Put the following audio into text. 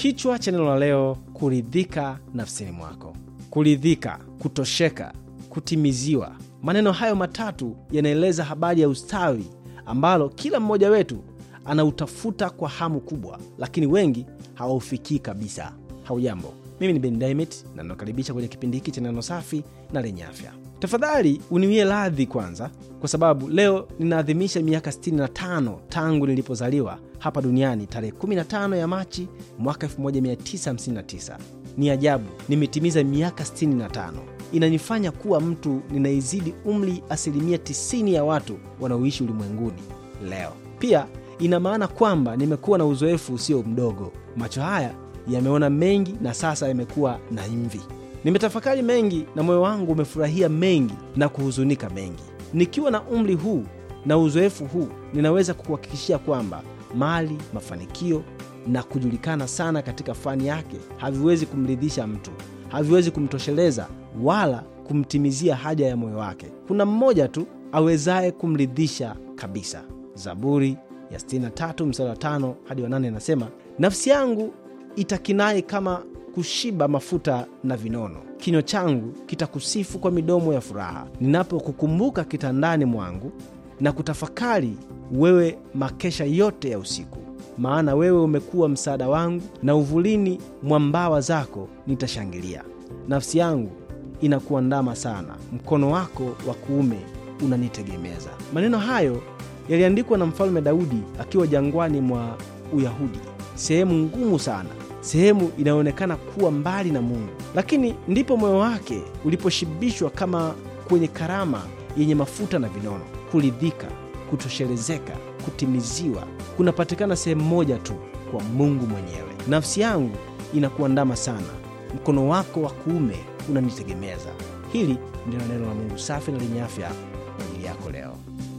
Kichwa cha neno la leo: kuridhika nafsini mwako. Kuridhika, kutosheka, kutimiziwa. Maneno hayo matatu yanaeleza habari ya ustawi ambalo kila mmoja wetu anautafuta kwa hamu kubwa, lakini wengi hawaufikii kabisa. Haujambo, mimi ni Ben na ninakaribisha kwenye kipindi hiki cha neno safi na lenye afya tafadhali uniwie radhi kwanza, kwa sababu leo ninaadhimisha miaka 65 tangu nilipozaliwa hapa duniani tarehe 15 ya Machi mwaka 1959. Ni ajabu, nimetimiza miaka 65. Inanifanya kuwa mtu ninaizidi umri asilimia 90 ya watu wanaoishi ulimwenguni leo. Pia ina maana kwamba nimekuwa na uzoefu usio mdogo. Macho haya yameona mengi na sasa yamekuwa na mvi. Nimetafakari mengi na moyo wangu umefurahia mengi na kuhuzunika mengi. Nikiwa na umri huu na uzoefu huu, ninaweza kukuhakikishia kwamba mali, mafanikio na kujulikana sana katika fani yake haviwezi kumridhisha mtu, haviwezi kumtosheleza wala kumtimizia haja ya moyo wake. Kuna mmoja tu awezaye kumridhisha kabisa. Zaburi ya 63 mstari wa 5 hadi wa 8 inasema, nafsi yangu itakinai kama kushiba mafuta na vinono. Kinywa changu kitakusifu kwa midomo ya furaha, ninapokukumbuka kitandani mwangu na kutafakari wewe makesha yote ya usiku. Maana wewe umekuwa msaada wangu, na uvulini mwa mbawa zako nitashangilia. Nafsi yangu inakuandama sana, mkono wako wa kuume unanitegemeza. Maneno hayo yaliandikwa na Mfalme Daudi akiwa jangwani mwa Uyahudi, sehemu ngumu sana sehemu inayoonekana kuwa mbali na Mungu, lakini ndipo moyo wake uliposhibishwa kama kwenye karama yenye mafuta na vinono. Kuridhika, kutoshelezeka, kutimiziwa kunapatikana sehemu moja tu, kwa Mungu mwenyewe. Nafsi yangu inakuandama sana, mkono wako wa kuume unanitegemeza. Hili ndilo neno la Mungu safi na lenye afya kwa ajili yako leo.